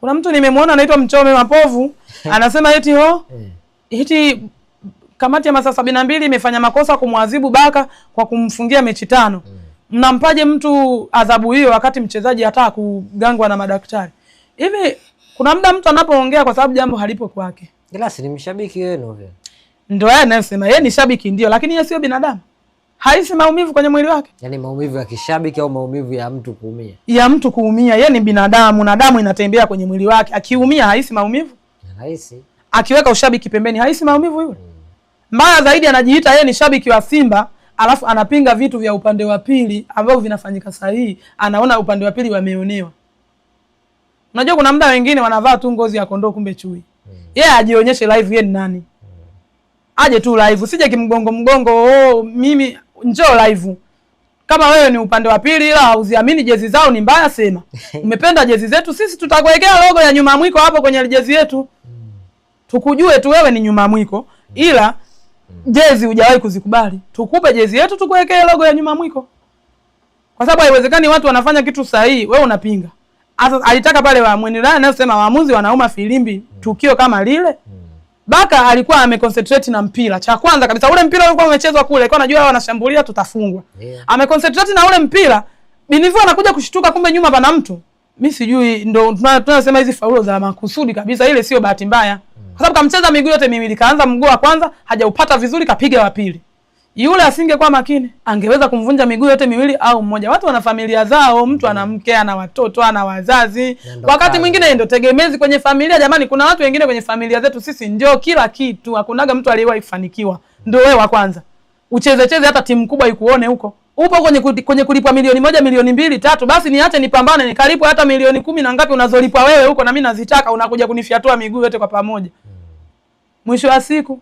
Kuna mtu nimemwona anaitwa Mchome Mapovu anasema eti ho oh, eh. eti kamati ya masaa sabini na mbili imefanya makosa kumwadhibu Baka kwa kumfungia mechi tano. Eh. Mnampaje mtu adhabu hiyo wakati mchezaji hata kugangwa na madaktari hivi? Kuna muda mtu anapoongea kwa sababu jambo halipo kwake. Ila ni mshabiki wenu, ndio yeye anayesema yeye ni shabiki ndio, lakini yeye sio binadamu haisi maumivu kwenye mwili wake, yaani maumivu ya kishabiki au maumivu ya mtu kuumia, ya mtu kuumia. Yeye ni binadamu na damu inatembea kwenye mwili wake, akiumia haisi maumivu, haisi. Akiweka ushabiki pembeni haisi maumivu yule. Hmm. Mbaya zaidi anajiita yeye ni shabiki wa Simba alafu anapinga vitu vya upande wa pili ambavyo vinafanyika saa anaona upande wa pili wameonewa. Unajua, kuna muda wengine wanavaa tu ngozi ya kondoo, kumbe chui. Hmm. Yeye ajionyeshe live, yeye ni nani? Hmm. Aje tu live, sije kimgongo mgongo, oh, mimi njoo live kama wewe ni upande wa pili, ila hauziamini jezi zao ni mbaya, sema umependa jezi zetu sisi, tutakuwekea logo ya nyuma mwiko hapo kwenye jezi yetu, tukujue tu wewe ni nyuma mwiko, ila jezi hujawahi kuzikubali. Tukupe jezi yetu, tukuwekee logo ya nyuma mwiko, kwa sababu haiwezekani watu wanafanya kitu sahihi, wewe unapinga. Asa, alitaka pale wa mwenilaya anayosema waamuzi wanauma filimbi tukio kama lile mm. Baka alikuwa ameconcentrate na mpira. Cha kwanza kabisa ule mpira ulikuwa umechezwa kule, alikuwa anajua wanashambulia tutafungwa. Yeah. Ameconcentrate na ule mpira. Binifu anakuja kushtuka kumbe nyuma pana mtu. Mimi sijui ndo tunasema hizi faulo za makusudi kabisa, ile sio bahati mbaya. Mm. Kwa sababu kamcheza miguu yote miwili, kaanza mguu wa kwanza, hajaupata vizuri, kapiga wa pili yule asingekuwa makini angeweza kumvunja miguu yote miwili au mmoja. Watu wana familia zao, mtu ana mm-hmm. mke, ana watoto, ana wazazi, wakati mwingine ndio tegemezi kwenye familia. Jamani, kuna watu wengine kwenye familia zetu sisi ndio kila kitu, hakunaga mtu aliyewahi kufanikiwa. Ndio wewe wa kwanza uchezecheze, hata timu kubwa ikuone huko, upo kwenye, kwenye kulipwa milioni moja milioni mbili tatu, basi niache nipambane nikalipwe hata milioni kumi na ngapi unazolipwa wewe huko, na mimi nazitaka, unakuja kunifyatua miguu yote kwa pamoja, mm. mwisho wa siku